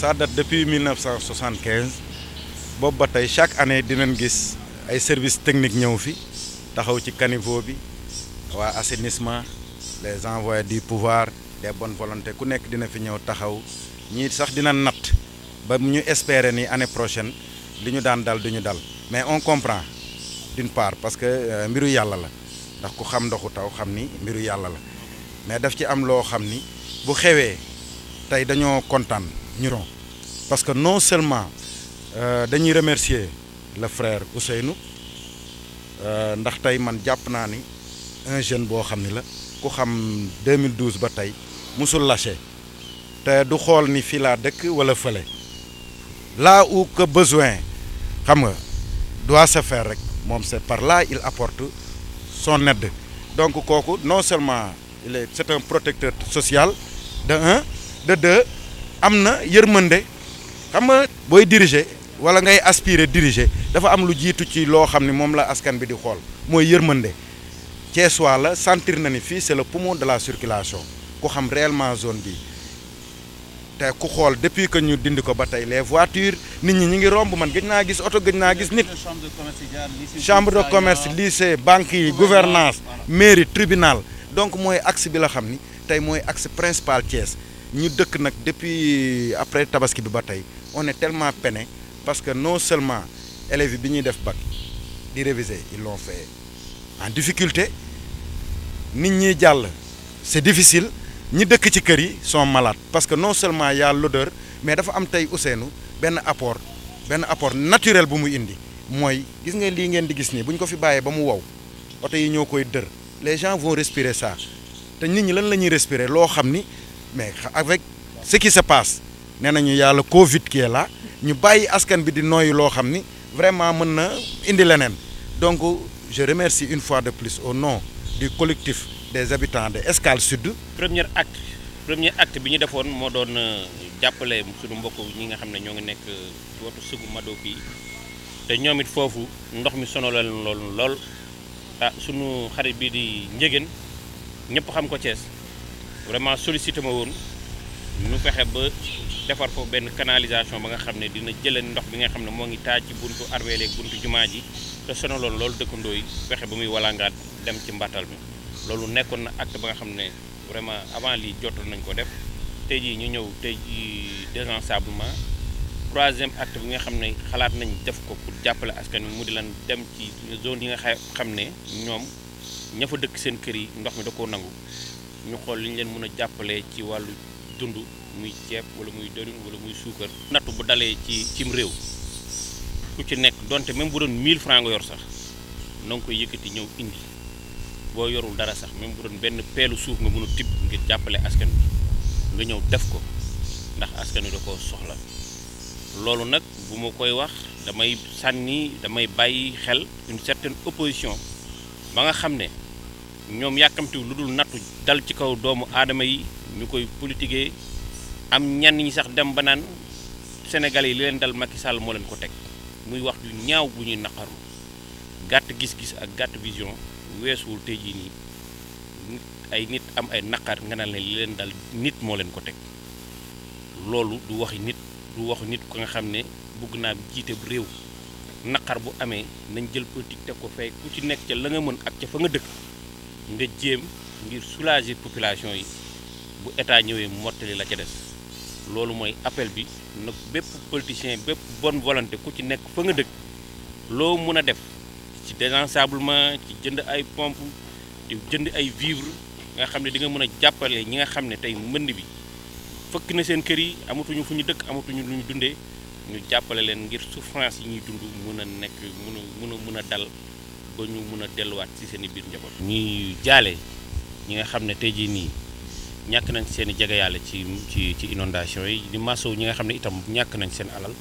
ça date depuis 1975 Bob batay chaque année dinañ gis ay services techniques ñëw fi taxaw ci caniveau bi wa assainissement les envoyés du pouvoir des bonnes volontés ku nekk dina fi ñëw taxaw ñi sax dina nat ba ñu espérer ni année prochaine li ñu daan dal du dal mais on comprend d'une part parce que euh, mbiru yalla la ndax ku xam ndoxu taw xam ni mbiru yalla la mais daf ci am lo xam ni bu xewé tay dañoo kontaan. Niron parce que non seulement euh, dañuy remercier le frère Ousseynou euh, ndax tey man jàpp naa un jeune qui xam ni la ku xam 2012 ba tey musul lâché te du xool ni fii laa dëkk wala fële là où que besoin xam nga doit se faire rek mom c'est par là il apporte son aide donc kooku non seulement il est c'est un protecteur social de un de deux amna yermande xam nga boy diriger wala ngay aspirer diriger dafa am lu jitu ci lo xamni mom la askan bi di xol moy yermande ci la sentir na ni fi c'est le poumon de la circulation ko xam réellement zone bi te ku xol depuis que ñu dindi ko batay les voitures nit ñi ñi ngi romb man gëj gis auto gëj gis nit chambre de commerce lycée banque gouvernance mairie tribunal donc moy axe bi la xamni ni moy axe principal Thiès nous dëkk depuis après tabaski bi bataille on est tellement peiné parce que non seulement élèves yi def bac di réviser ils l'ont fait en difficulté nit ñi jall c'est difficile ñi dëkk ci kër yi sont malades parce que non seulement il y a l'odeur mais dafa am tay Ousseynou ben apport ben apport naturel bu muy indi moy gis nga li ngeen di gis ni buñ ko fi bayé ba mu wow auto yi ñokoy koy dër les gens vont respirer ça té nit ñi lan lañuy respirer lo xamni mais avec ce qui se passe nee nañu Covid qui est là ñu bayyi askan bi di nooyu lo xamni vraiment mën na indi leneen donc je remercie une fois de plus au nom du collectif des habitants de Escale Sud. premier acte premier acte bi ñu defoon mo doon euh, jappalé suñu mbokk ñi nga xam ne ñoo ngi nekk euh, ci watu sugu mado bi te ñoom fofu ndox mi sonalal lool lool ah suñu xarit bi di njëgën ñëpp xam ko Thiès. vraiment sollicité woon ñu fexe ba defar foofu benn canalisation ba nga xam ne dina jëlee ndox bi nga xam ne moo ngi taaj ci buntu arweele buntu jumaa ji te sonaloon loolu dëkkandoo yi fexe ba muy walangaat dem ci mbattal mi loolu nekkoon na acte ba nga xam ne vraiment avant lii jotoon nañ ko def tey jii ñu ñëw tey jii désensablement troisième acte bi nga xam ne xalaat nañ def ko pour jàppale askan wi mu di lan dem ci zone yi nga xam ne ñoom ña fa dëkk seen kër yi ndox mi da koo nangu ñu xool liñ leen mën a jàppalee ci wàllu dund muy ceeb wala muy dërin wala muy suukar. nattu bu dalee ci cim réew ku ci nekk donte même bu doon 1000 francs nga yor sax na nga koy yëkkati ñëw indi boo yorul dara sax même bu doon benn peelu suuf nga mën a tibb ngir jàppale askan bi nga ñëw def ko ndax askan wi da koo soxla loolu nag bu ma koy wax damay sànni damay bàyyi xel une certaine opposition ba nga xam ne. ñom yakamti lu dul natu dal ci kaw doomu adama yi ñukoy koy am ñan ñi sax dem ba naan sénégalais yi li leen dal Macky Sall mo leen ko tek muy wax du ñaaw bu ñuy naqaru gatt gis-gis ak gatt vision wessul tey jii nii ay nit am ay naqar nga naan leen dal nit molen leen ko tek lolu du waxi nit du waxu nit ko nga xamne ne na jité bu rew naqar bu amé nañ jël politique tek ko fay ku ci nekk ci la nga mën ak ci fa nga dëkk nda jéem ngir soulager population yi bu état ñëwee mottali la ca des loolu mooy appel bi nag bépp politicien bépp bon volonté ku ci nekk fa nga dëkk loo mun a def ci désensablement ci jënd ay pompe di jënd ay vivre nga xam ne di mën a jàppale ñi nga xam ne tey mbënd bi fëkk na seen kër yi amatuñu fu ñu dëkk amatuñu lu ñu dundee ñu jàppale leen ngir souffrance yi ñuy dund mun a nekk mun a mun a mun a dal ba ñu mun delluwaat ci seen i biir njaboot. ñuy jaale ñi nga xam ne tey jii nii ñàkk nañ seen i jege yàlla ci ci ci inondation yi di masow ñi nga xam ne itam ñàkk nañ seen alal.